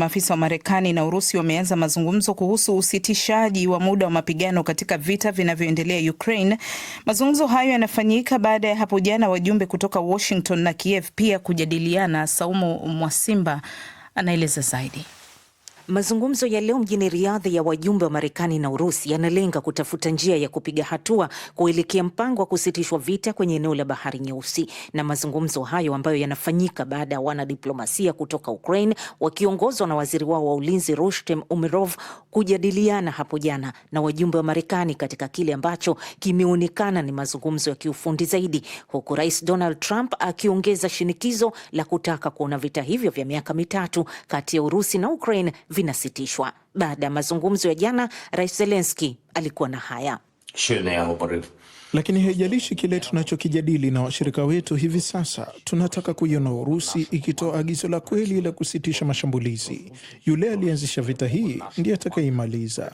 Maafisa wa Marekani na Urusi wameanza mazungumzo kuhusu usitishaji wa muda wa mapigano katika vita vinavyoendelea Ukraine. Mazungumzo hayo yanafanyika baada ya hapo jana wajumbe kutoka Washington na Kiev pia kujadiliana. Saumu Mwasimba anaeleza zaidi. Mazungumzo ya leo mjini Riadha ya wajumbe wa Marekani na Urusi yanalenga kutafuta njia ya kupiga hatua kuelekea mpango wa kusitishwa vita kwenye eneo la Bahari Nyeusi. Na mazungumzo hayo ambayo yanafanyika baada ya wanadiplomasia kutoka Ukraine wakiongozwa na waziri wao wa ulinzi Rustem Umerov kujadiliana hapo jana na wajumbe wa Marekani katika kile ambacho kimeonekana ni mazungumzo ya kiufundi zaidi, huku Rais Donald Trump akiongeza shinikizo la kutaka kuona vita hivyo vya miaka mitatu kati ya Urusi na Ukraine vinasitishwa. Baada ya mazungumzo ya jana, Rais zelenski alikuwa na haya lakini haijalishi kile tunachokijadili na washirika wetu hivi sasa, tunataka kuiona Urusi ikitoa agizo la kweli la kusitisha mashambulizi. Yule aliyeanzisha vita hii ndiye atakayeimaliza.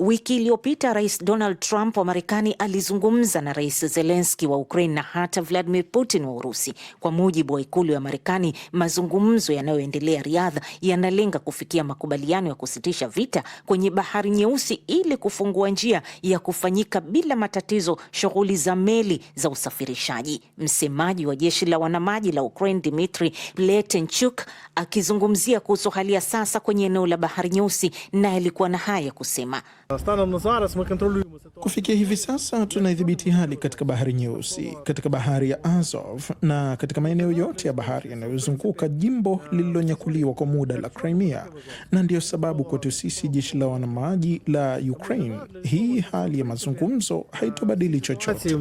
Wiki iliyopita Rais Donald Trump wa Marekani alizungumza na Rais zelenski wa Ukraine na hata Vladimir Putin wa Urusi. Kwa mujibu wa ikulu ya Marekani, mazungumzo yanayoendelea Riadha yanalenga kufikia makubaliano ya kusitisha vita kwenye Bahari Nyeusi ili kufungua njia ya kufanyika bila matatizo shughuli za meli za usafirishaji. Msemaji wa jeshi la wanamaji la Ukraine dmitri Pletenchuk akizungumzia kuhusu hali ya sasa kwenye eneo la Bahari Nyeusi naye alikuwa na haya ya kusema kufikia hivi sasa, tunaidhibiti hali katika bahari Nyeusi, katika bahari ya Azov na katika maeneo yote ya bahari yanayozunguka jimbo lililonyakuliwa kwa muda la Crimea, na ndiyo sababu kwetu sisi jeshi la wanamaji la Ukraine, hii hali ya mazungumzo haitobadili chochote.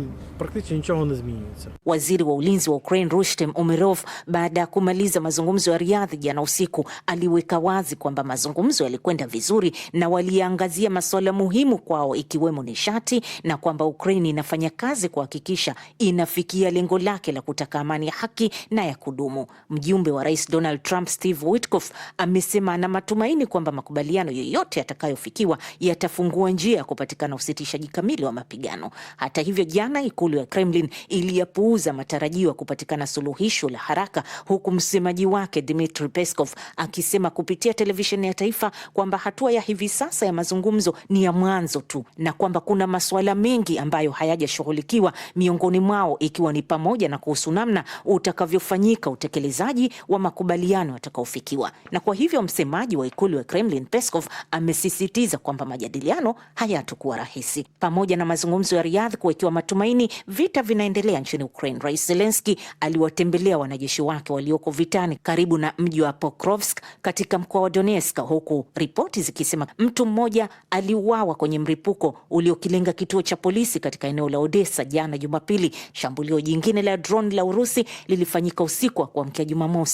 Waziri wa ulinzi wa Ukraine Rustem Umerov, baada ya kumaliza mazungumzo ya Riadhi jana usiku, aliweka wazi kwamba mazungumzo yalikwenda vizuri na waliangazia masuala muhimu kwao ikiwemo nishati na kwamba Ukraini inafanya kazi kuhakikisha inafikia lengo lake la kutaka amani ya haki na ya kudumu. Mjumbe wa Rais Donald Trump Steve Witkoff amesema ana matumaini kwamba makubaliano yoyote yatakayofikiwa yatafungua njia ya kupatikana usitishaji kamili wa mapigano. Hata hivyo, jana ikulu ya Kremlin iliyapuuza matarajio ya kupatikana suluhisho la haraka, huku msemaji wake dmitri Peskov akisema kupitia televisheni ya taifa kwamba hatua ya hivi sasa ya mazungumzo ni ya mwanzo tu na kwamba kuna masuala mengi ambayo hayajashughulikiwa, miongoni mwao ikiwa ni pamoja na kuhusu namna utakavyofanyika utekelezaji wa makubaliano yatakaofikiwa. Na kwa hivyo msemaji wa ikulu ya Kremlin Peskov amesisitiza kwamba majadiliano hayatokuwa rahisi. Pamoja na mazungumzo ya Riyadh kuwekiwa matumaini, vita vinaendelea nchini Ukraine. Rais Zelenski aliwatembelea wanajeshi wake walioko vitani karibu na mji wa Pokrovsk katika mkoa wa Donetsk, huku ripoti zikisema mtu mmoja ali waliuawa kwenye mripuko uliokilenga kituo cha polisi katika eneo la Odessa jana Jumapili. Shambulio jingine la drone la Urusi lilifanyika usiku wa kuamkia Jumamosi.